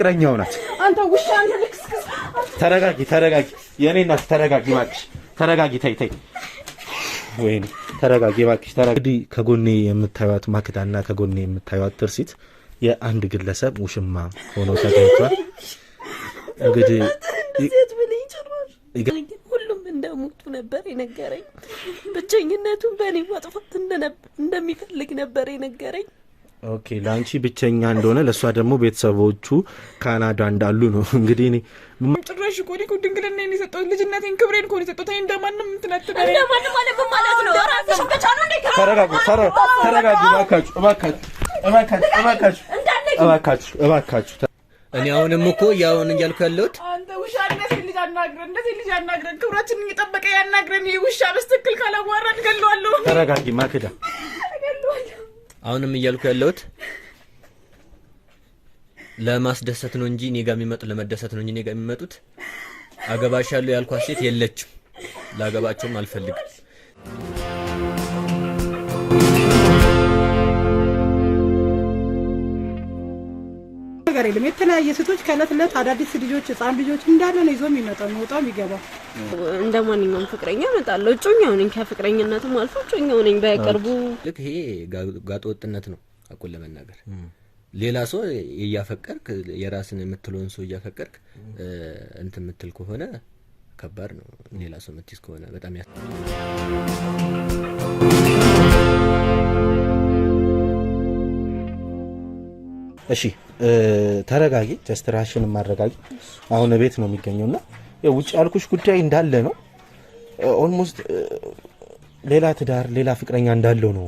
ፍቅረኛው ናት። አንተ አንተ ተረጋጊ፣ ተረጋጊ፣ የኔ ናት ተረጋጊ፣ እባክሽ ተረጋጊ። ተይ ተይ፣ ወይኔ ተረጋጊ፣ እባክሽ ተረጋጊ። እንግዲህ ከጎኔ የምታዩት ማክዳና ከጎኔ የምታዩት ትርሲት የአንድ ግለሰብ ውሽማ ሆኖ ተገኝቷል። እንግዲህ ሁሉም እንደሞቱ ነበር የነገረኝ። ብቸኝነቱን በእኔ ማጥፋት እንደሚፈልግ ነበር የነገረኝ። ኦኬ ለአንቺ ብቸኛ እንደሆነ ለእሷ ደግሞ ቤተሰቦቹ ካናዳ እንዳሉ ነው። እንግዲህ እኔ ጭራሽ እኮ እኔ እኮ ድንግልናዬን የሰጠሁት ልጅነቴን ክብሬን እኮ ነው የሰጠሁት። እንደማንም እባካችሁ እኔ አሁንም እኮ እያሁን እያልኩ ያለሁት አንተ ውሻ እንደዚህ ልጅ አናግረን እንደዚህ ልጅ አናግረን ክብራችንን እየጠበቀ ያናግረን ይህ ውሻ በስትክክል ካላዋራን ገለዋለሁ። ተረጋጊ ማክዳ አሁንም እያልኩ ያለሁት ለማስደሰት ነው እንጂ እኔ ጋር የሚመጡ ለመደሰት ነው እንጂ እኔ ጋር የሚመጡት አገባሻለሁ ያልኳት ሴት የለችም። ላገባቸውም አልፈልግም። ነገር የለም። የተለያየ ሴቶች ከእለት እለት አዳዲስ ልጆች ህፃን ልጆች እንዳለ ነው ይዞ የሚመጣው የሚወጣው የሚገባው። እንደ ማንኛውም ፍቅረኛ እመጣለሁ። እጮኛው ነኝ፣ ከፍቅረኝነትም አልፎ እጮኛው ነኝ። በቅርቡ ልክ ይሄ ጋጠ ነው አቁን ለመናገር ሌላ ሰው እያፈቀርክ የራስን የምትለውን ሰው እያፈቀርክ እንትን የምትል ከሆነ ከባድ ነው። ሌላ ሰው የምትይዝ ከሆነ በጣም ያ እሺ ተረጋጊ፣ ጀስት ራሽን ማረጋጊ። አሁን ቤት ነው የሚገኘው የሚገኘውና ውጭ ያልኩሽ ጉዳይ እንዳለ ነው። ኦልሞስት ሌላ ትዳር፣ ሌላ ፍቅረኛ እንዳለው ነው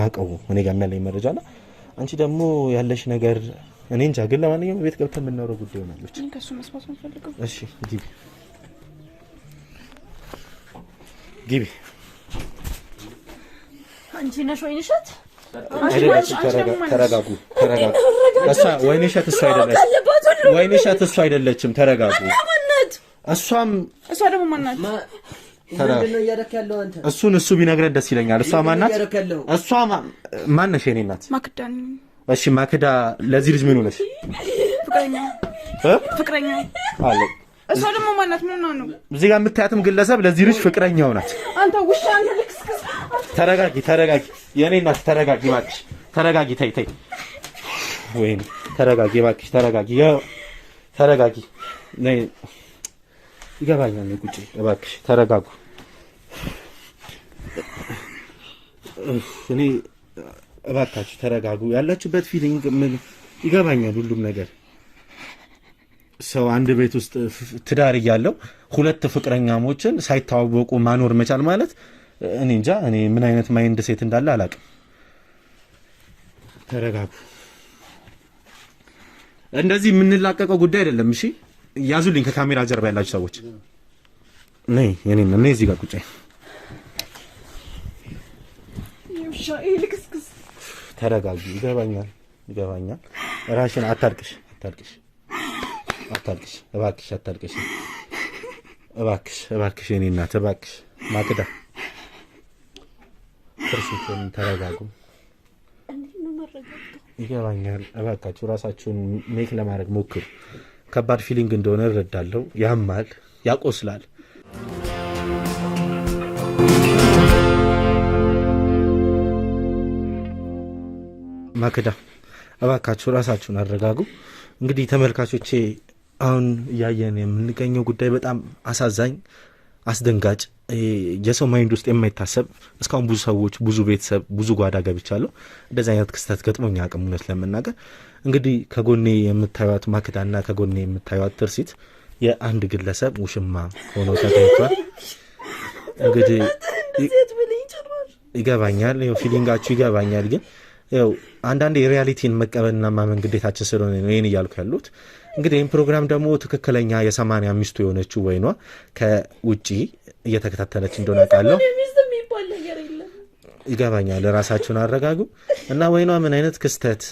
ማቀው እኔ ጋር ያለኝ መረጃ ና አንቺ ደግሞ ያለሽ ነገር እኔ እንጃ። ግን ለማንኛውም ቤት ገብተን የምናወራው ጉዳይ ሆናለች። እሺ ግቢ ግቢ። አንቺ ነሽ ወይ ተረጋጉ ተረጋጉ። እሷ ወይኔ እሸት እሷ አይደለችም። ወይኔ እሸት እሷ አይደለችም። ተረጋጉ። እሷም እሷ ደግሞ ማናት? እሱን እሱ ቢነግረን ደስ ይለኛል። እሷ ማናት? እሷ ማነሽ? የኔ እሺ፣ ማክዳ ለዚህ ልጅ ምን ሆነሽ? ፍቅረኛ ፍቅረኛ አለ። እሷ ደግሞ ማናት? ምን ነው እዚህ ጋር የምታያትም ግለሰብ ለዚህ ልጅ ፍቅረኛው ናት። አንተ ውሻ ተረጋጊ፣ ተረጋጊ። የኔ እናት ተረጋጊ እባክሽ፣ ተረጋጊ። ተይ ተይ፣ ወይ ተረጋጊ እባክሽ፣ ተረጋጊ፣ ተረጋጊ። ነይ ይገባኛል፣ ነው ቁጭ እባክሽ፣ ተረጋጉ። እኔ እባካችሁ ተረጋጉ። ያላችሁበት ፊሊንግ ምን ይገባኛል፣ ሁሉም ነገር ሰው አንድ ቤት ውስጥ ትዳር እያለው ሁለት ፍቅረኛሞችን ሳይታወቁ ማኖር መቻል ማለት እኔ እንጃ እኔ ምን አይነት ማይንድ ሴት እንዳለ አላውቅም። ተረጋጉ። እንደዚህ የምንላቀቀው ጉዳይ አይደለም። እሺ ያዙልኝ፣ ከካሜራ ጀርባ ያላችሁ ሰዎች ነይ፣ የኔ ነይ፣ እዚህ ጋር ቁጭ ተረጋጊ። ይገባኛል፣ ይገባኛል። ራሽን አታልቅሽ፣ አታልቅሽ፣ አታልቅሽ፣ እባክሽ፣ አታልቅሽ፣ እባክሽ፣ እባክሽ፣ የኔ እናት እባክሽ፣ ማክዳ ክርስቶስን ተረጋጉ። ይገባኛል። እባካችሁ ራሳችሁን ሜክ ለማድረግ ሞክሩ። ከባድ ፊሊንግ እንደሆነ እረዳለሁ። ያማል፣ ያቆስላል። ማክዳ እባካችሁ ራሳችሁን አረጋጉ። እንግዲህ ተመልካቾቼ አሁን እያየን የምንገኘው ጉዳይ በጣም አሳዛኝ አስደንጋጭ የሰው ማይንድ ውስጥ የማይታሰብ እስካሁን ብዙ ሰዎች ብዙ ቤተሰብ ብዙ ጓዳ ገብቻለሁ። እንደዚህ አይነት ክስተት ገጥሞኛ አቅም እውነት ለመናገር እንግዲህ ከጎኔ የምታዩት ማክዳና ከጎኔ የምታዩት ትርሲት የአንድ ግለሰብ ውሽማ ሆኖ ተገኝቷል። እንግዲህ ይገባኛል፣ ፊሊንጋችሁ ይገባኛል። ግን ያው አንዳንዴ የሪያሊቲን መቀበልና ማመን ግዴታችን ስለሆነ ነው ይህን እያልኩ ያሉት እንግዲህ ይህም ፕሮግራም ደግሞ ትክክለኛ የሰማንያ ሚስቱ የሆነችው ወይኗ ከውጪ እየተከታተለች እንደሆነ ቃለሁ ይገባኛል። ራሳችሁን አረጋጉ እና ወይኗ ምን አይነት ክስተት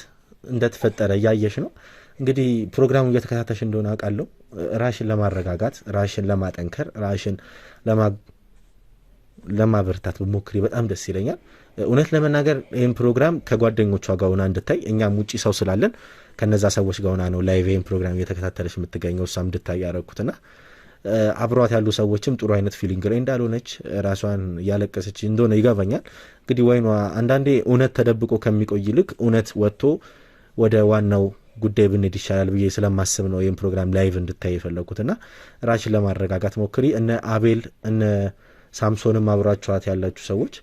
እንደተፈጠረ እያየሽ ነው። እንግዲህ ፕሮግራሙ እየተከታተሽ እንደሆነ አውቃለሁ። ራሽን ለማረጋጋት ራሽን ለማጠንከር ራሽን ለማበረታት ብሞክሪ በጣም ደስ ይለኛል። እውነት ለመናገር ይህን ፕሮግራም ከጓደኞቿ ጋር ሆና እንድታይ እኛም ውጪ ሰው ስላለን ከነዛ ሰዎች ጋር ሆና ነው ላይቭ ይህን ፕሮግራም እየተከታተለች የምትገኘው እሷ እንድታይ ያደረግኩትና አብሯት ያሉ ሰዎችም ጥሩ አይነት ፊሊንግ ላይ እንዳልሆነች ራሷን እያለቀሰች እንደሆነ ይገባኛል። እንግዲህ ወይኗ አንዳንዴ እውነት ተደብቆ ከሚቆይ ይልቅ እውነት ወጥቶ ወደ ዋናው ጉዳይ ብንሄድ ይሻላል ብዬ ስለማስብ ነው ይህን ፕሮግራም ላይቭ እንድታይ የፈለግኩትና ራሽን ለማረጋጋት ሞክሪ። እነ አቤል እነ ሳምሶንም አብራችኋት ያላችሁ ሰዎች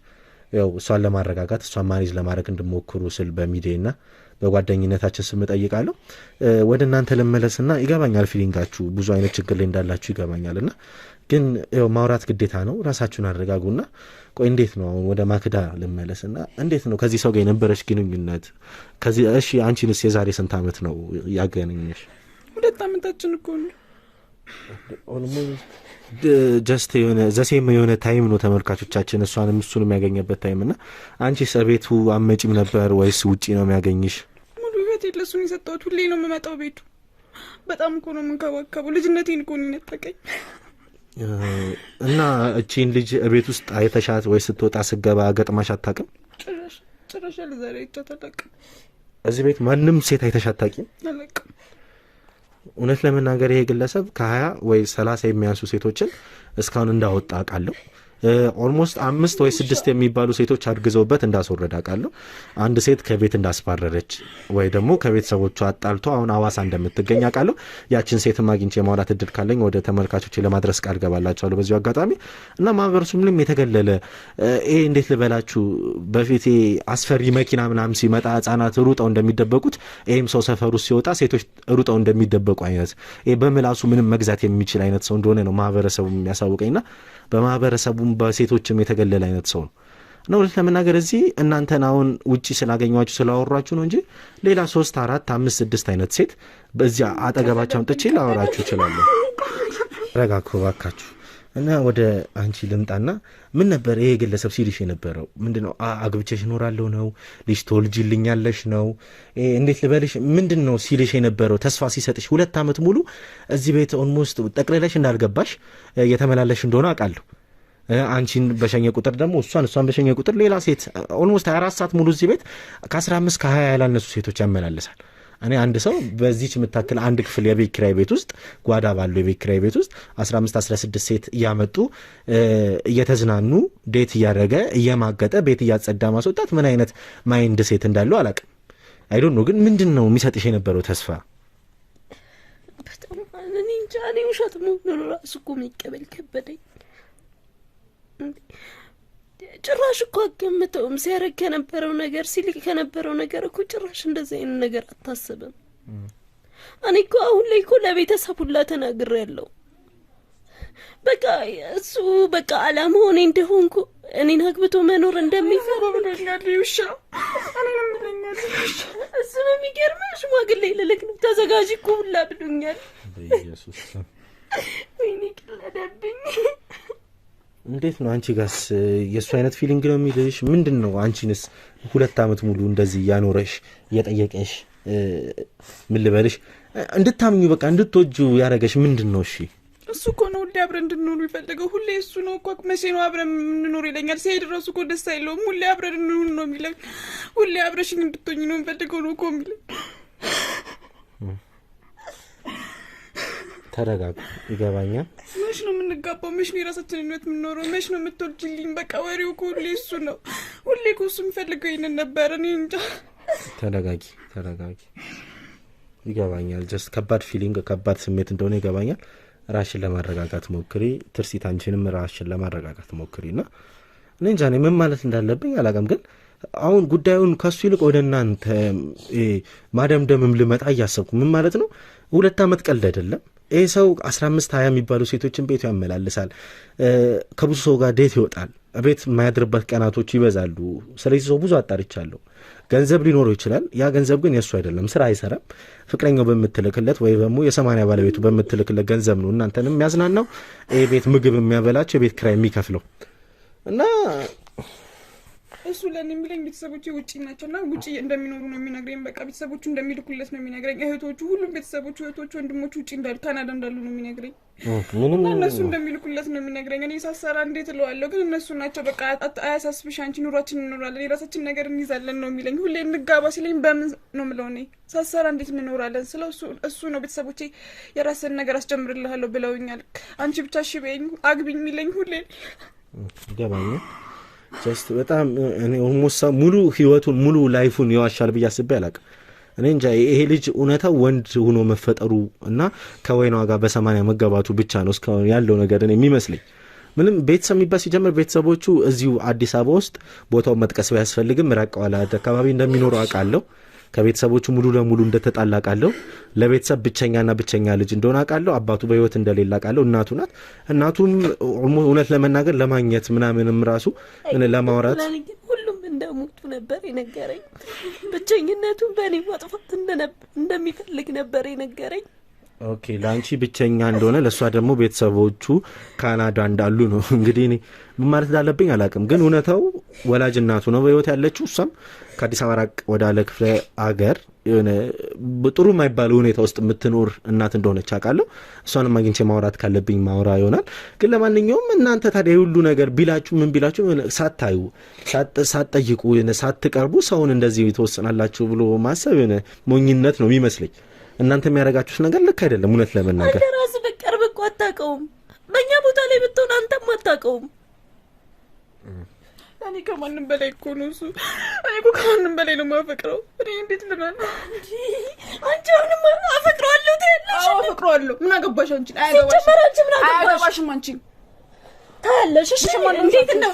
ያው እሷን ለማረጋጋት እሷን ማኔዝ ለማድረግ እንድሞክሩ ስል ና በጓደኝነታችን ስም ጠይቃለሁ ወደ እናንተ ና ይገባኛል፣ ፊሊንጋችሁ ብዙ አይነት ችግር ላይ እንዳላችሁ ና ግን ያው ማውራት ግዴታ ነው። ራሳችሁን ና ቆይ እንዴት ነው አሁን ወደ ማክዳ ልመለስና እንዴት ነው ከዚህ ሰው ጋር የነበረች ግንኙነት ከዚህ እሺ፣ አንቺንስ የዛሬ ስንት ዓመት ነው ያገናኘሽ? ሁለት አመታችን እኮ ነው ጀስት የሆነ ዘሴም የሆነ ታይም ነው ተመልካቾቻችን እሷንም እሱን የሚያገኘበት ታይም ና አንቺ ቤቱ አመጪም ነበር ወይስ ውጪ ነው የሚያገኝሽ? ሙሉ ህይወት የለሱን የሰጠሁት ሁሌ ነው የምመጣው ቤቱ። በጣም እኮ ነው የምንከባከቡ ልጅነቴን እኮ ነው የነጠቀኝ። እና እቺን ልጅ ቤት ውስጥ አይተሻት ወይ ስትወጣ ስገባ ገጥማሽ አታቅም ጭረሻ ጭራሽ ያለ ዛሬ አይቻት አላውቅም። እዚህ ቤት ማንም ሴት አይተሻት አታውቂም? አላውቅም እውነት ለመናገር ይሄ ግለሰብ ከሀያ ወይ ሰላሳ የሚያንሱ ሴቶችን እስካሁን እንዳወጣ አውቃለሁ። ኦልሞስት አምስት ወይ ስድስት የሚባሉ ሴቶች አድግዘውበት እንዳስወረድ አውቃለሁ። አንድ ሴት ከቤት እንዳስባረረች ወይ ደግሞ ከቤተሰቦቿ አጣልቶ አሁን አዋሳ እንደምትገኝ አውቃለሁ። ያችን ሴትም አግኝቼ የማውራት እድል ካለኝ ወደ ተመልካቾች ለማድረስ ቃል ገባላቸዋለሁ በዚሁ አጋጣሚ እና ማህበረሰቡም የተገለለ ይሄ እንዴት ልበላችሁ በፊት አስፈሪ መኪና ምናምን ሲመጣ ህጻናት ሩጠው እንደሚደበቁት ይህም ሰው ሰፈሩ ሲወጣ ሴቶች ሩጠው እንደሚደበቁ አይነት በምላሱ ምንም መግዛት የሚችል አይነት ሰው እንደሆነ ነው ማህበረሰቡ የሚያሳውቀኝና በማህበረሰቡ በሴቶችም የተገለለ አይነት ሰው ነው እና እውነት ለመናገር እዚህ እናንተን አሁን ውጭ ስላገኟችሁ ስላወሯችሁ ነው እንጂ ሌላ ሶስት አራት አምስት ስድስት አይነት ሴት በዚያ አጠገባቸውን ጥቼ ላወራችሁ ይችላለሁ ረጋግኩ ባካችሁ። እና ወደ አንቺ ልምጣና ምን ነበር ይሄ ግለሰብ ሲልሽ የነበረው ምንድን ነው? አግብቼሽ እኖራለሁ ነው? ልጅ ትወልጂልኛለሽ ነው? እንዴት ልበልሽ? ምንድን ነው ሲልሽ የነበረው? ተስፋ ሲሰጥሽ? ሁለት ዓመት ሙሉ እዚህ ቤት ኦልሞስት ጠቅልለሽ እንዳልገባሽ እየተመላለሽ እንደሆነ አውቃለሁ። አንቺን በሸኘ ቁጥር ደግሞ እሷን እሷን በሸኘ ቁጥር ሌላ ሴት ኦልሞስት 24 ሰዓት ሙሉ እዚህ ቤት ከ15 ከ20 ያላነሱ ሴቶች ያመላልሳል። እኔ አንድ ሰው በዚች የምታክል አንድ ክፍል የቤት ኪራይ ቤት ውስጥ ጓዳ ባለው የቤት ኪራይ ቤት ውስጥ 15 16 ሴት እያመጡ እየተዝናኑ ዴት እያደረገ እየማገጠ ቤት እያጸዳ ማስወጣት ምን አይነት ማይንድ ሴት እንዳለው አላውቅም። አይዶን ነው ግን ምንድን ነው የሚሰጥሽ የነበረው ተስፋ? በጣም እኔ እንጃ። እኔ ውሸት መሆኑን ራሱ እኮ የሚቀበል ከበደኝ። ጭራሽ እኮ አገምተውም ሲያደርግ ከነበረው ነገር ሲል ከነበረው ነገር እኮ ጭራሽ እንደዚህ አይነት ነገር አታስብም። እኔ እኮ አሁን ላይ እኮ ለቤተሰብ ሁላ ተናግር ያለው በቃ እሱ በቃ አላማው እኔ እንደሆንኩ እኔን አግብቶ መኖር እንደሚፈልግ ብለኛልሻ ብለኛል። እሱ በሚገርም ሽማግሌ ልልክ ነው ተዘጋጅ እኮ ሁላ ብሎኛል። ወይኔ ቅለደብኝ እንዴት ነው አንቺ ጋስ የእሱ አይነት ፊሊንግ ነው የሚልሽ? ምንድን ነው አንቺንስ ሁለት አመት ሙሉ እንደዚህ እያኖረሽ እየጠየቀሽ ምን ልበልሽ እንድታምኙ በቃ እንድትወጁ ያደረገሽ ምንድን ነው? እሺ እሱ እኮ ነው ሁሌ አብረን እንድንኖሩ ይፈልገው። ሁሌ እሱ ነው እኮ መቼ ነው አብረን የምንኖር ይለኛል። ሲሄድ እራሱ እኮ ደስ አይለውም። ሁሌ አብረን እንሆን ነው የሚለኝ። ሁሌ አብረሽኝ እንድትሆኝ ነው የምፈልገው ነው እኮ የሚለኝ። ተረጋጋ፣ ይገባኛል የምንጋባው? መች ነው የራሳችን ህይወት የምንኖረው? መች ነው የምትወልጅልኝ? በቃ ወሬው እኮ ሁሌ እሱ ነው። ሁሌ እኮ እሱ የሚፈልገው ይህንን ነበር። እኔ እንጃ። ተረጋጊ፣ ተረጋጊ። ይገባኛል። ጀስት ከባድ ፊሊንግ፣ ከባድ ስሜት እንደሆነ ይገባኛል። ራሽን ለማረጋጋት ሞክሪ። ትርሲት አንቺንም ራሽን ለማረጋጋት ሞክሪ እና እኔ እንጃ እኔ ምን ማለት እንዳለብኝ አላውቅም ግን አሁን ጉዳዩን ከሱ ይልቅ ወደ እናንተ ማደምደምም ልመጣ እያሰብኩ ምን ማለት ነው? ሁለት ዓመት ቀልድ አይደለም። ይህ ሰው 15 20 የሚባሉ ሴቶችን ቤቱ ያመላልሳል። ከብዙ ሰው ጋር ዴት ይወጣል። ቤት የማያድርበት ቀናቶች ይበዛሉ። ስለዚህ ሰው ብዙ አጣርቻለሁ። ገንዘብ ሊኖረው ይችላል። ያ ገንዘብ ግን የእሱ አይደለም። ስራ አይሰራም። ፍቅረኛው በምትልክለት ወይ ደግሞ የሰማኒያ ባለቤቱ በምትልክለት ገንዘብ ነው እናንተንም የሚያዝናናው፣ ቤት ምግብ የሚያበላቸው፣ የቤት ኪራይ የሚከፍለው እና እሱ ለእኔ የሚለኝ ቤተሰቦች ውጭ ናቸው እና ውጭ እንደሚኖሩ ነው የሚነግረኝ። በቃ ቤተሰቦቹ እንደሚልኩለት ነው የሚነግረኝ። እህቶቹ፣ ሁሉም ቤተሰቦቹ፣ እህቶቹ፣ ወንድሞቹ ውጭ እንዳሉ ካናዳ እንዳሉ ነው የሚነግረኝ። እና እነሱ እንደሚልኩለት ነው የሚነግረኝ። እኔ ሳሰራ እንዴት እለዋለሁ? ግን እነሱ ናቸው በቃ አያሳስብሽ፣ አንቺ ኑሯችን እንኖራለን፣ የራሳችን ነገር እንይዛለን ነው የሚለኝ። ሁሌ እንጋባ ሲለኝ በምን ነው የምለው እኔ ሳሰራ እንዴት እንኖራለን ስለው እሱ ነው ቤተሰቦቼ የራስን ነገር አስጀምርልሃለሁ ብለውኛል። አንቺ ብቻ ሽበኝ አግቢኝ የሚለኝ ሁሌ ይገባኛል። ጀስት በጣም ሙሉ ህይወቱን ሙሉ ላይፉን የዋሻል ብዬ አስቤ አላቅም። እኔ እንጃ ይሄ ልጅ እውነታው ወንድ ሆኖ መፈጠሩ እና ከወይኗ ጋር በሰማንያ መገባቱ ብቻ ነው እስካሁን ያለው ነገር የሚመስለኝ። ምንም ቤተሰብ የሚባል ሲጀምር ቤተሰቦቹ እዚሁ አዲስ አበባ ውስጥ ቦታውን መጥቀስ ባያስፈልግም ራቀዋል አካባቢ እንደሚኖሩ አውቃለሁ። ከቤተሰቦቹ ሙሉ ለሙሉ እንደተጣላ ለቤተሰብ ብቸኛና ብቸኛ ልጅ እንደሆነ አውቃለሁ አባቱ በህይወት እንደሌላ ቃለው እናቱ ናት። እናቱም እውነት ለመናገር ለማግኘት ምናምንም ራሱ ለማውራት ሁሉም እንደሞቱ ነበር የነገረኝ። ብቸኝነቱ በእኔ ማጥፋት እንደሚፈልግ ነበር የነገረኝ። ኦኬ ለአንቺ ብቸኛ እንደሆነ ለእሷ ደግሞ ቤተሰቦቹ ካናዳ እንዳሉ ነው። እንግዲህ እኔ ምን ማለት እንዳለብኝ አላውቅም፣ ግን እውነታው ወላጅ እናቱ ነው በህይወት ያለችው። እሷም ከአዲስ አበባ ራቅ ወዳለ ክፍለ አገር የሆነ ጥሩ የማይባለው ሁኔታ ውስጥ የምትኖር እናት እንደሆነች አውቃለሁ። እሷንም አግኝቼ ማውራት ካለብኝ ማውራ ይሆናል። ግን ለማንኛውም እናንተ ታዲያ የሁሉ ነገር ቢላችሁ ምን ቢላችሁ ሳታዩ ሳትጠይቁ ሳትቀርቡ ሰውን እንደዚህ ተወስናላችሁ ብሎ ማሰብ ሞኝነት ነው የሚመስለኝ። እናንተ የሚያደርጋችሁት ነገር ልክ አይደለም። እውነት ለመናገር አንተ ራስህ በቅርብ እኮ አታውቀውም። በእኛ ቦታ ላይ ብትሆን አንተም አታውቀውም። እኔ ከማንም በላይ እኮ ነው እሱ። እኔ እኮ ከማንም በላይ ነው የማፈቅረው። እኔ እንዴት ልበል? አንቺ አሁንም አፈቅረዋለሁ ትያለሽ? አፈቅረዋለሁ። ምን አገባሽ አንቺን? አያገባሽም። ምን አገባሽም አንቺን ታያለሽ። እሺ እንዴት ነው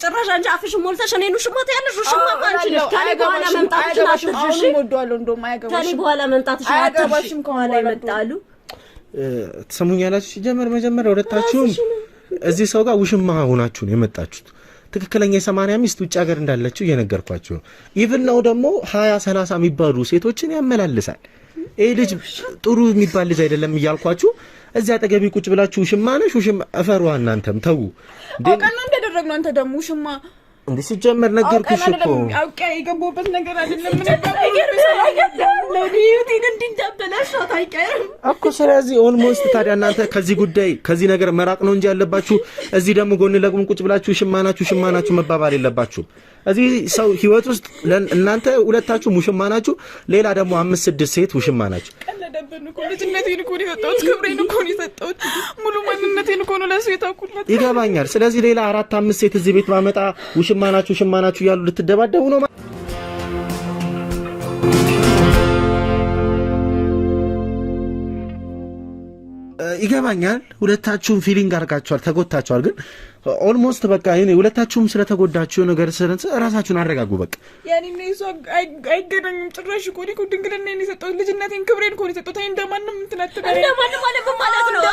ጭራሽ አንቺ አፍሽን ሞልተሽ እኔን ውሽማ ትያለሽ። ውሽማ አንቺ ነሽ። ከእኔ በኋላ መምጣትሽን አትርሽ። ከእኔ በኋላ መምጣትሽን አትርሽ። ከኋላ ይመጣሉ። ትሰሙኛላችሁ? ሲጀመር መጀመሪያ ሁለታችሁም እዚህ ሰው ጋር ውሽማ ሆናችሁ ነው የመጣችሁት። ትክክለኛ የሰማንያ ሚስት ውጭ ሀገር እንዳለችው እየነገርኳችሁ ነው። ኢቭን ነው ደግሞ ሀያ ሰላሳ የሚባሉ ሴቶችን ያመላልሳል። ይህ ልጅ ጥሩ የሚባል ልጅ አይደለም እያልኳችሁ እዚህ አጠገቤ ቁጭ ብላችሁ ውሽማ ነሽ ውሽማ እፈሯ። እናንተም ተዉ ቀና እንደደረግ ነው አንተ ደግሞ ውሽማ እንዲ ሲጀመር ነገርኩሽ እኮ አውቄ የገባሁበት ነገር አይደለም። እኮ ስለዚህ ኦልሞስት ታዲያ እናንተ ከዚህ ጉዳይ ከዚህ ነገር መራቅ ነው እንጂ ያለባችሁ። እዚህ ደግሞ ጎን ለጎን ቁጭ ብላችሁ ሽማናችሁ ሽማናችሁ መባባል የለባችሁም። እዚህ ሰው ህይወት ውስጥ እናንተ ሁለታችሁ ሙሽማ ናችሁ። ሌላ ደግሞ አምስት ስድስት ሴት ውሽማ ናችሁ። ልጅነቴን እኮ ነው የሰጠሁት፣ ክብሬን እኮ ነው የሰጠሁት፣ ሙሉ ማንነቴን እኮ ነው ለሱ ይገባኛል። ስለዚህ ሌላ አራት አምስት ሴት እዚህ ቤት ማመጣ ውሽማ ናችሁ ውሽማ ናችሁ እያሉ ልትደባደቡ ነው። ይገባኛል። ሁለታችሁም ፊሊንግ አድርጋችኋል፣ ተጎታቸዋል ግን ኦልሞስት በቃ እኔ ሁለታችሁም ስለተጎዳችሁ ነገር ስለንስ ራሳችሁን አረጋጉ። በቃ ያኔ እሱ አይገናኝም። ጭራሽ እኮ እኔ እኮ የሰጠሁት ልጅነቴን፣ ክብሬን እኮ ነው የሰጠሁት። እንደማንም ምትነትነ እንደማንም ነው።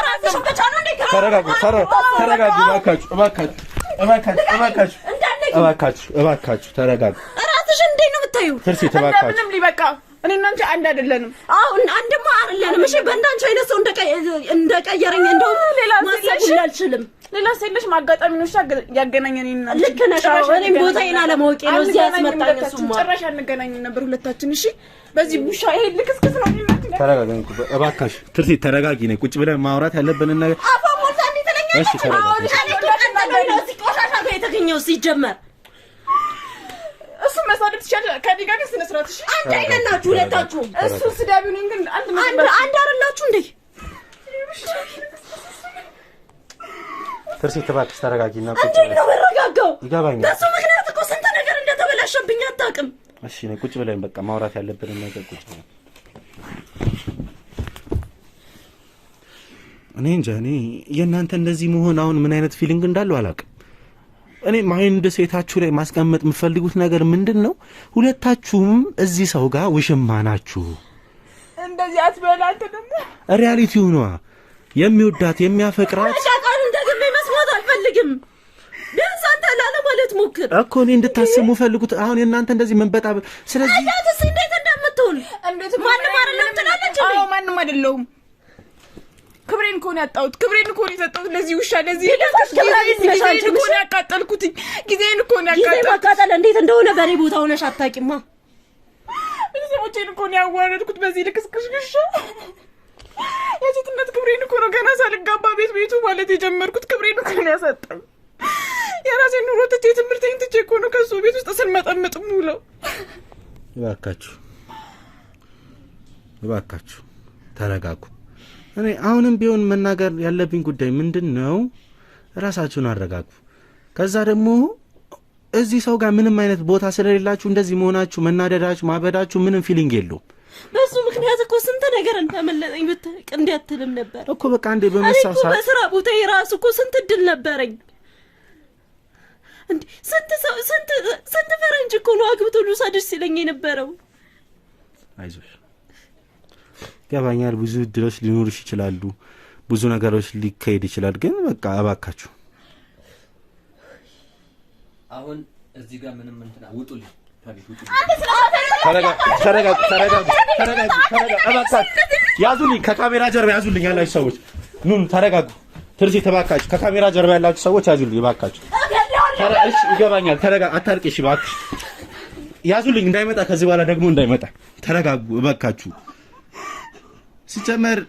ተረጋጉ፣ ተረጋጉ። እባካችሁ፣ እባካችሁ፣ እባካችሁ፣ እባካችሁ፣ እባካችሁ፣ እባካችሁ፣ ተረጋጉ። ራስሽ ነው የምታዩ ምንም ሊበቃ እኔ እናንቺ አንድ አይደለንም። አሁን አንድማ አይደለንም። እሺ በእንዳንቺ አይነት ሰው እንደቀየረኝ እንደው ማሰብ አልችልም። ሌላ ሰው ሴለሽ ማጋጣሚ ነው ያገናኘን። ይና ልክ ነሽ። እኔም ቦታዬን አለማወቄ ነው እዚህ ያስመጣኝ። እሱማ ጭራሽ አንገናኝ ነበር ሁለታችን። እሺ በዚህ ቡሻ ይሄ ልክስክስ ነው። ተረጋጊ እባክሽ ትርሲ፣ ተረጋጊ ነኝ። ቁጭ ብለን ማውራት ያለብንን ነገር አፋ ሞልታ እንዲትለኛ እሺ፣ ተረጋጊ ነው። ሲቆሻሻ ጋር የተገኘው ሲጀመር ማስባደር ትችላለህ። ከኔ ጋር ግን ስነ ስርዓት እሺ። አንድ አይነት ናችሁ ሁለታችሁም። እሱ ስዳቢውን ግን አንድ አንድ አንድ አይደላችሁ እንዴ? ትርሲ ትባክስ ተረጋጊና ቁጭ ብለሽ ነው መረጋጋው። ይገባኛል። በሱ ምክንያት እኮ ስንት ነገር እንደተበላሸብኝ አታውቅም። እሺ ነው ቁጭ ብለን በቃ ማውራት ያለብንን ነገር ቁጭ ብለን እኔ እንጃ እኔ የእናንተ እንደዚህ መሆን አሁን ምን አይነት ፊሊንግ እንዳለው አላውቅም። እኔ ማይንድ ሴታችሁ ላይ ማስቀመጥ የምፈልጉት ነገር ምንድን ነው? ሁለታችሁም እዚህ ሰው ጋር ውሽማ ናችሁ። እንደዚህ አትበላት። ደግሞ ሪያሊቲው ነዋ። የሚወዳት የሚያፈቅራት ቃሉን ደግሜ መስማት አልፈልግም። ቢያንስ አንተ ላለማለት ሞክር እኮ እኔ እንድታስሙ ፈልጉት። አሁን የእናንተ እንደዚህ መንበጣ ስለዚህ እንዴት እንደምትሆን እንዴት ማንም አይደለም ትላለች። ማንም አይደለውም ክብሬን እኮ ነው ያጣሁት። ክብሬን እኮ ነው የሰጠሁት ለዚህ ውሻ፣ ለዚህ ጊዜን እኮ ነው ያቃጠልኩት። ጊዜን እኮ ነው ያቃጠልኩት። ጊዜ ማቃጠል እንዴት እንደሆነ በእኔ ቦታ ሆነሽ አታውቂማ። ቤተሰቦቼን እኮ ነው ያዋረድኩት በዚህ ልክስክሽግሽ የሴትነት ክብሬን እኮ ነው ገና ሳልጋባ ቤት ቤቱ ማለት የጀመርኩት። ክብሬን እኮ ነው ያሳጣኝ። የራሴን ኑሮ ትቼ ትምህርቴን ትቼ እኮ ነው ከሱ ቤት ውስጥ ስንመጠመጥ ውለው። እባካችሁ እባካችሁ ተረጋጉ። እኔ አሁንም ቢሆን መናገር ያለብኝ ጉዳይ ምንድን ነው፣ ራሳችሁን አረጋጉ። ከዛ ደግሞ እዚህ ሰው ጋር ምንም አይነት ቦታ ስለሌላችሁ እንደዚህ መሆናችሁ፣ መናደዳችሁ፣ ማበዳችሁ ምንም ፊሊንግ የለውም። በሱ ምክንያት እኮ ስንት ነገር እንዳመለጠኝ ብትቅ እንዲያትልም ነበር እኮ በቃ እንዴ በመሳሳ በስራ ቦታ የራሱ እኮ ስንት እድል ነበረኝ። እንዴ ስንት ሰው ስንት ፈረንጅ እኮ ነው አግብቶ ደስ ይለኝ የነበረው አይዞሽ ይገባኛል። ብዙ ድሎች ሊኖርሽ ይችላሉ። ብዙ ነገሮች ሊካሄድ ይችላል። ግን በቃ አባካችሁ አሁን እዚህ ጋር ምንም እንትና ውጡልኝ። ያዙልኝ፣ ከካሜራ ጀርባ ያዙልኝ ያላችሁ ሰዎች ኑን ተረጋጉ። ትርሲ ተባካችሁ፣ ከካሜራ ጀርባ ያላችሁ ሰዎች ያዙልኝ ባካችሁ። እሺ ይገባኛል፣ ተረጋ፣ አታርቅሽ ባክ ያዙልኝ፣ እንዳይመጣ ከዚህ በኋላ ደግሞ እንዳይመጣ። ተረጋጉ እባካችሁ። ሲጨመር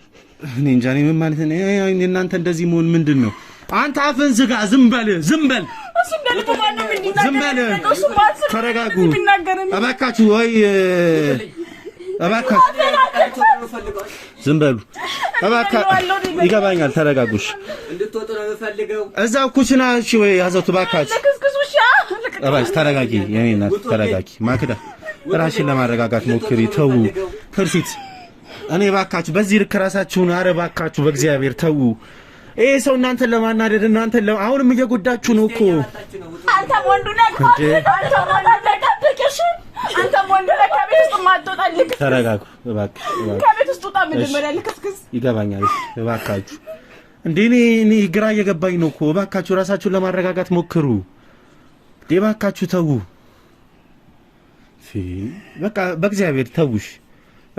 እኔ እንጃ እኔ ምን ማለት ነው? እናንተ እንደዚህ መሆን ምንድን ነው? አንተ አፍን ዝጋ! ዝም በል ዝም በል ዝም በል! ተረጋጉ እባካችሁ፣ ወይ እባካችሁ፣ ዝም በሉ እባካችሁ። ይገባኛል፣ ተረጋጉሽ። እዛው ኩሽና እሺ፣ ወይ ያዘቱ እባካችሁ፣ እባክሽ ተረጋጊ፣ የኔ እናት ተረጋጊ። ማክዳ ራሽን ለማረጋጋት ሞክሪ። ተው ትርሲት እኔ ባካችሁ በዚህ ልክ ራሳችሁን፣ አረ ባካችሁ በእግዚአብሔር ተዉ። ይሄ ሰው እናንተን ለማናደድ እናንተን አሁንም እየጎዳችሁ ነው እኮ። አንተም ወንዱ ነህ ተረጋጉ ከቤት ውስጥ ውጣ። መጀመሪያ ልክስክስ ይገባኛል። እባካችሁ እንዴ እኔ ግራ እየገባኝ ነው እኮ። እባካችሁ ራሳችሁን ለማረጋጋት ሞክሩ። እባካችሁ ተዉ፣ በቃ በእግዚአብሔር ተውሽ።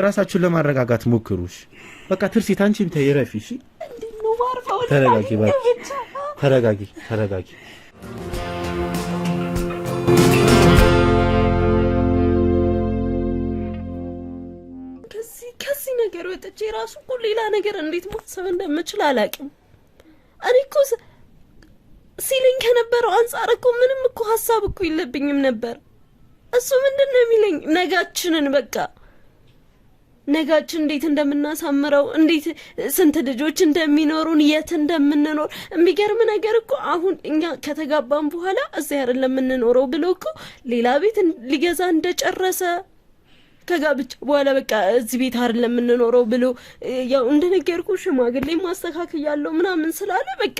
ራሳችሁን ለማረጋጋት ሞክሩሽ። በቃ ትርሲት፣ አንቺም ተይረፊ። እሺ፣ ተረጋጊ፣ ተረጋጊ፣ ተረጋጊ። ከዚህ ነገር ወጥቼ ራሱ እኮ ሌላ ነገር እንዴት ማሰብ እንደምችል አላውቅም። እኔ እኮ ሲለኝ ከነበረው አንጻር እኮ ምንም እኮ ሀሳብ እኮ የለብኝም ነበር። እሱ ምንድን ነው የሚለኝ? ነጋችንን በቃ ነጋችን እንዴት እንደምናሳምረው፣ እንዴት ስንት ልጆች እንደሚኖሩን፣ የት እንደምንኖር። የሚገርም ነገር እኮ አሁን እኛ ከተጋባም በኋላ እዚህ አይደለም የምንኖረው ብሎ እኮ ሌላ ቤት ሊገዛ እንደጨረሰ ከጋብቻ በኋላ በቃ እዚህ ቤት አይደለም የምንኖረው ብሎ ያው እንደነገርኩ ሽማግሌ ማስተካከል ያለው ምናምን ስላለ በቃ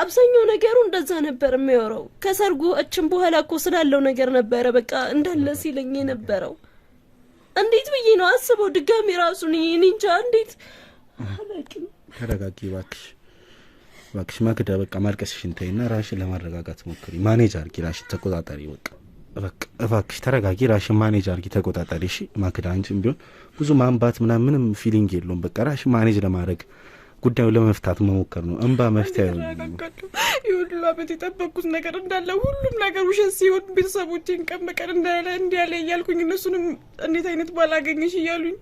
አብዛኛው ነገሩ እንደዛ ነበር የሚያወራው። ከሰርጉ እችን በኋላ እኮ ስላለው ነገር ነበረ በቃ እንዳለ ሲለኝ የነበረው። እንዴት ብዬ ነው አስበው ድጋሚ ራሱን ይህን እንጃ እንዴት አላውቅም። ተረጋጊ እባክሽ እባክሽ ማክዳ በቃ ማልቀስሽን ተይና ራሽን ለማረጋጋት ሞክሪ። ማኔጅ አርጊ ራሽን ተቆጣጠሪ። በቃ በቃ እባክሽ ተረጋጊ፣ ራሽን ማኔጅ አርጊ ተቆጣጠሪ። እሺ ማክዳ አንቺም ቢሆን ብዙ ማንባት ምናምን ምንም ፊሊንግ የለውም። በቃ ራሽን ማኔጅ ለማድረግ ጉዳዩ ለመፍታት መሞከር ነው። እንባ መፍትሄ ይሁሉ አመት የጠበቅኩት ነገር እንዳለ ሁሉም ነገር ውሸት ሲሆን ቤተሰቦቼን ቀን በቀን እንዳለ እንዲያለ እያልኩኝ እነሱንም እንዴት አይነት ባላገኘሽ እያሉኝ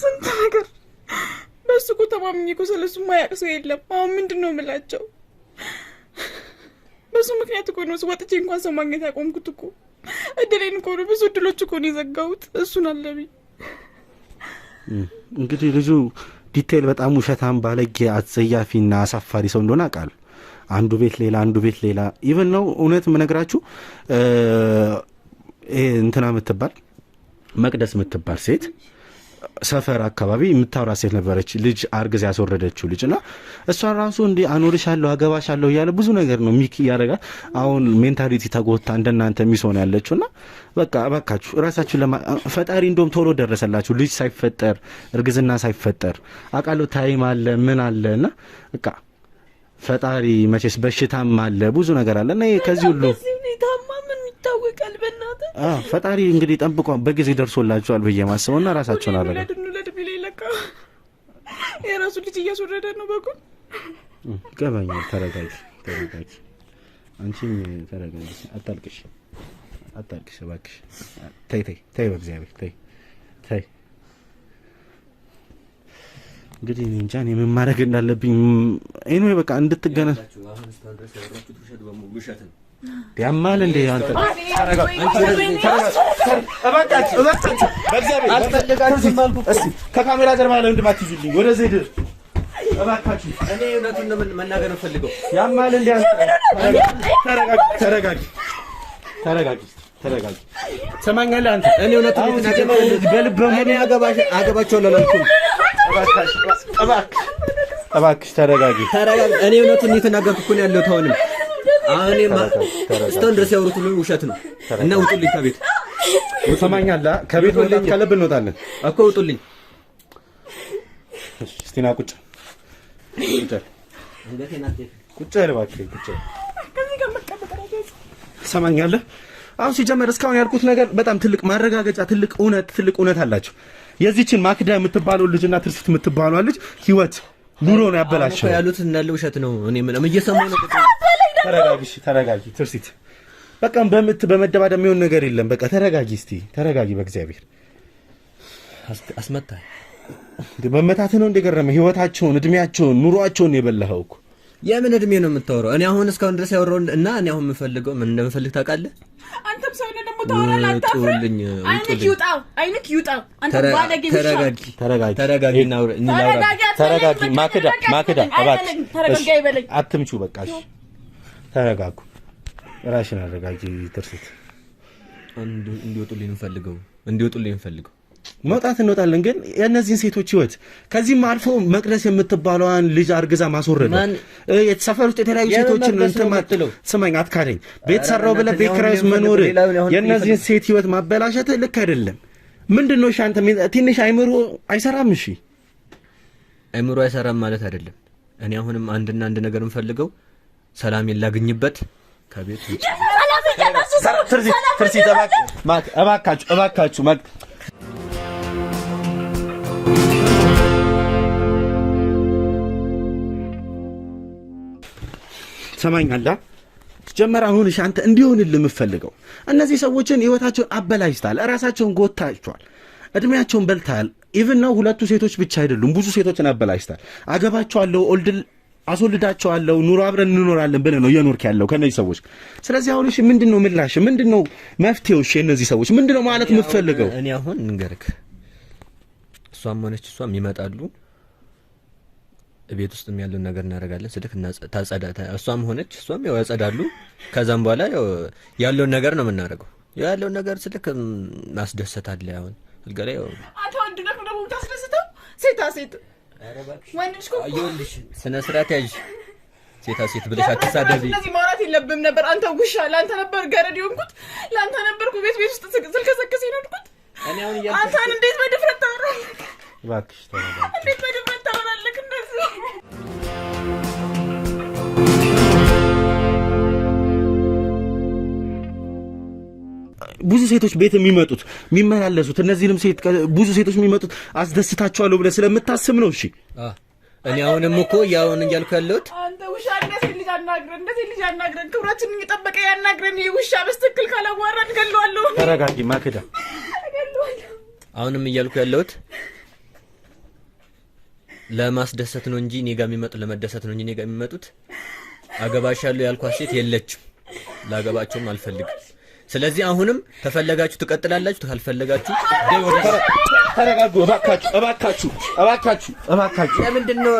ስንት ነገር በሱ እኮ ተማምኜ እኮ ስለሱ ማያቅ ሰው የለም። አሁን ምንድን ነው የምላቸው? በሱ ምክንያት እኮ ነው ወጥቼ እንኳን ሰው ማግኘት ያቆምኩት እኮ እድሌን እኮ ነው ብዙ እድሎች እኮ ነው የዘጋሁት። እሱን አለብኝ እንግዲህ ልጁ ዲቴይል በጣም ውሸታም፣ ባለጌ፣ አጸያፊና አሳፋሪ ሰው እንደሆነ አውቃለሁ። አንዱ ቤት ሌላ፣ አንዱ ቤት ሌላ። ኢቨን ነው እውነት የምነግራችሁ እንትና የምትባል መቅደስ የምትባል ሴት ሰፈር አካባቢ የምታወራ ሴት ነበረች፣ ልጅ አርግዝ ያስወረደችው ልጅ እና እሷን ራሱ እንዲህ አኖርሻለሁ አገባሻለሁ እያለ ብዙ ነገር ነው ሚክ እያደረጋል። አሁን ሜንታሊቲ ተጎታ እንደናንተ ሚስ ያለችው እና በቃ እባካችሁ ራሳችሁ ፈጣሪ እንደውም ቶሎ ደረሰላችሁ፣ ልጅ ሳይፈጠር እርግዝና ሳይፈጠር አቃሎ ታይም አለ ምን አለ እና በቃ ፈጣሪ መቼስ በሽታም አለ ብዙ ነገር አለ እና ከዚህ ሁሉ ይታወቃል። በእናትህ ፈጣሪ እንግዲህ ጠብቋ በጊዜ ደርሶላችኋል ብዬ ማስበውና ራሳቸውን አረጋ የራሱ ልጅ እያስወረደ ነው። በኩል ገባኝ። ተረጋጊ፣ ተረጋጊ፣ አንቺም ተረጋጊ። አታልቅሽ፣ አታልቅሽ እባክሽ። ተይ፣ ተይ፣ ተይ፣ በእግዚአብሔር ተይ፣ ተይ። እንግዲህ እኔ እንጃ እኔ ምን ማድረግ እንዳለብኝ። ኤኒዌይ በቃ እንድትገናኝ ያማል እንደ አንተ ከካሜራ ጀርባ ላይ ወንድም አትይዙልኝ። ወደዚህ ድር እባካችሁ። እኔ እውነቱን ነው መናገር ፈልገው። ያማል እንደ አንተ ተረጋጊ ተረጋጊ ተረጋጊ ተረጋግ። ትሰማኛለህ አንተ? እኔ እውነቱን በልብ እኔ አገባሽ አገባቸዋለሁ አላልኩም። እባክሽ ተረጋጊ ተረጋጊ ተረጋግ። እኔ እውነቱን እየተናገርኩ እኮ ነው ያለሁት አሁንም አሁን እስካሁን ድረስ ያወሩት ሁሉ ውሸት ነው እና ውጡልኝ ከቤት ሰማኛላ። ከቤት እንወጣለን እኮ ውጡልኝ። ቁጭ ቁጭ አሁን ሲጀመር እስካሁን ያልኩት ነገር በጣም ትልቅ ማረጋገጫ፣ ትልቅ እውነት፣ ትልቅ እውነት አላቸው። የዚችን ማክዳ የምትባለው ልጅና ትርስት የምትባለው ልጅ ህይወት ኑሮ ነው ያበላሸው ያሉት እንዳለ ውሸት ነው። እኔ ምንም እየሰማሁ ነው ተረጋጊ፣ ተረጋጊ ትርሲት። በቃ በምት በመደባደብ የሚሆን ነገር የለም። በቃ ተረጋጊ፣ እስቲ ተረጋጊ። በእግዚአብሔር አስመታ በመታት ነው እንደገረመ ህይወታቸውን፣ እድሜያቸውን፣ ኑሯቸውን የበላኸው እኮ። የምን እድሜ ነው የምታወራው? እኔ አሁን እስካሁን ድረስ ያወራው እና እኔ አሁን የምፈልገው ምን እንደምፈልግ ታውቃለህ? አንተም ሰው ነህ ደግሞ ታወራለህ። አታፍርም? አይንክ ይውጣ፣ አይንክ አንተ ተረጋጊ፣ ተረጋጊ፣ ተረጋጊ፣ ማክዳ፣ ማክዳ፣ እባክህ አትምቹ። በቃ ተረጋጉ። ራሽን አረጋጊ። ትርሱት እንዲወጡልኝ እንፈልገው እንዲወጡልኝ እንፈልገው መውጣት እንወጣለን። ግን የእነዚህን ሴቶች ህይወት ከዚህም አልፎ መቅደስ የምትባለዋን ልጅ አርግዛ ማስወረድ የተሰፈር ውስጥ የተለያዩ ሴቶችን ስማኝ፣ አትካደኝ። ቤት ሰራው ብለህ ቤት ኪራይ ውስጥ መኖር የእነዚህን ሴት ህይወት ማበላሸት ልክ አይደለም። ምንድን ነው ሻንተ ትንሽ አይምሮ አይሰራም? እሺ አይምሮ አይሰራም ማለት አይደለም። እኔ አሁንም አንድና አንድ ነገር የምፈልገው ሰላም ላግኝበት ከቤት ትርሲ እባካችሁ እባካችሁ ሰማኛላ ጀመር አሁን እሺ፣ አንተ እንዲሆንልህ የምፈልገው እነዚህ ሰዎችን ህይወታቸውን አበላሽታል፣ ራሳቸውን ጎታቸዋል እድሜያቸውን በልታል። ኢቭን ነው ሁለቱ ሴቶች ብቻ አይደሉም፣ ብዙ ሴቶችን አበላሽታል። አገባቸዋለሁ ኦልድ አስወልዳቸዋለሁ ኑሮ አብረን እንኖራለን ብለህ ነው እየኖርክ ያለው ከነዚህ ሰዎች። ስለዚህ አሁን እሺ፣ ምንድን ነው ምላሽ? ምንድን ነው መፍትሄው? እሺ፣ እነዚህ ሰዎች ምንድን ነው ማለት የምትፈልገው? እኔ አሁን እንገርክ፣ እሷም ሆነች እሷም ይመጣሉ። ቤት ውስጥም ያለውን ነገር እናደርጋለን። ስልክ ታጸዳ፣ እሷም ሆነች እሷም ያው ያጸዳሉ። ከዛም በኋላ ያለውን ነገር ነው የምናደርገው። ያለውን ነገር ስልክ ማስደሰት አለ። አሁን አልጋ ላይ አንተ ወንድ ነህ ደግሞ ታስደስተው ሴታ ሴት ስነ ስርዓት ያዥ። ሴታ ሴት ብለሽ አትሳደቢ። እንደዚህ ማውራት የለብም ነበር። አንተ ውሻ! ለአንተ ነበር ገረድ የሆንኩት፣ ለአንተ ነበርኩ ቤት ቤት ውስጥ ስልከሰከስ የኖርኩት። አንተን እንዴት በድፍረት ታወራለህ? እንዴት በድፍረት ታወራለህ እንደዚህ? ብዙ ሴቶች ቤት የሚመጡት የሚመላለሱት እነዚህንም ሴት ብዙ ሴቶች የሚመጡት አስደስታቸዋለሁ ብለህ ስለምታስብ ነው። እሺ እኔ አሁንም እኮ እያሁን እያልኩ ያለሁት አንተ ውሻ እንደዚህ ልጅ አናግረን እንደዚህ ልጅ አናግረን ክብራችን እየጠበቀ ያናግረን ይህ ውሻ በስትክል ካላዋራን ገለዋለሁ። ተረጋጊ ማክዳ። አሁንም እያልኩ ያለሁት ለማስደሰት ነው እንጂ እኔ ጋር የሚመጡ ለመደሰት ነው እንጂ እኔ ጋር የሚመጡት አገባሻለሁ ያልኳት ሴት የለችም። ላገባቸውም አልፈልግም። ስለዚህ አሁንም ከፈለጋችሁ ትቀጥላላችሁ፣ ካልፈለጋችሁ ተረጋጉ። እባካችሁ እባካችሁ እባካችሁ እባካችሁ። ለምንድን ነው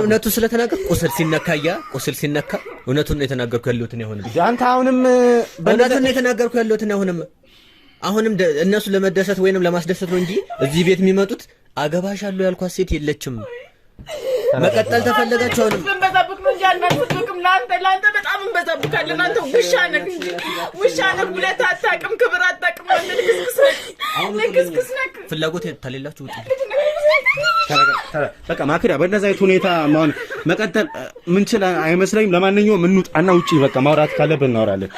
እውነቱን ስለተናገር ቁስል ሲነካ ያ ቁስል ሲነካ እውነቱን ነው የተናገርኩ ያለሁት ነው። አሁንም አንተ አሁንም እውነቱን ነው የተናገርኩ ያለሁት ነው። አሁንም አሁንም እነሱ ለመደሰት ወይንም ለማስደሰት ነው እንጂ እዚህ ቤት የሚመጡት አገባሽ አሉ ያልኳት ሴት የለችም። መቀጠል ተፈለጋችሁ አሁንም እንበዛብክ ነው እንጂ አናስብክም። ለአንተ ለአንተ በጣም እንበዛብካለን። አንተ ውሻ ነህ እንጂ ውሻ ነህ። ሁለት አታውቅም፣ ክብር አታውቅም። አንተ ልክስክስ ነህ፣ ልክስክስ ነህ። ፍላጎት ተሌላችሁ ውጭ በቃ ማክዳ በእንደዚ አይነት ሁኔታ ማን መቀጠል ምንችል አይመስለኝም። ለማንኛውም እንውጣና ውጪ በቃ ማውራት ካለብን እናወራለን።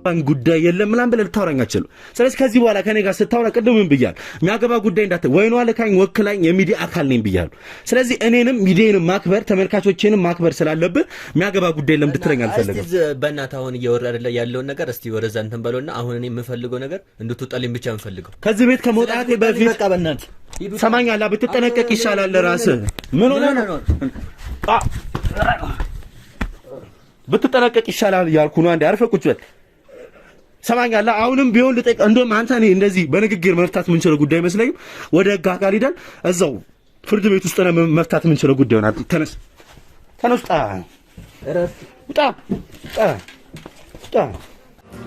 የሚያገባን ጉዳይ የለም ምናምን ብለህ ልታወራኝ አችሉ። ስለዚህ ከዚህ በኋላ ከኔ ጋር ስታወራ ቅድምም ብያል የሚያገባ ጉዳይ እንዳት ወይኗ ልካኝ ወክላኝ የሚዲያ አካል ነኝ ብያሉ። ስለዚህ እኔንም ሚዲያንም ማክበር ተመልካቾችንም ማክበር ስላለብህ የሚያገባ ጉዳይ የለም እንድትለኝ አልፈለግም። በእናት አሁን እየወረደ ያለውን ነገር እስቲ ወደዛ እንትን በለውና አሁን እኔ የምፈልገው ነገር እንድትወጣልኝ ብቻ የምፈልገው ከዚህ ቤት ከመውጣቴ በፊት ሰማኛላ ብትጠነቀቅ ይሻላል። ራስህ ምን ሆነ ነው ብትጠነቀቅ ይሻላል ያልኩ ነው። አንዴ አርፈህ ቁጭ በል። ሰማኛለ አሁንም ቢሆን ልጠይቅ። እንደውም አንተ እኔ እንደዚህ በንግግር መፍታት የምንችለው ጉዳይ አይመስለኝም። ወደ ህግ አካል ሂደን እዛው ፍርድ ቤት ውስጥ ነው መፍታት የምንችለው ጉዳይ ሆናል። ተነስ ተነስ፣ ውጣ፣ ውጣ፣ ውጣ፣ ውጣ።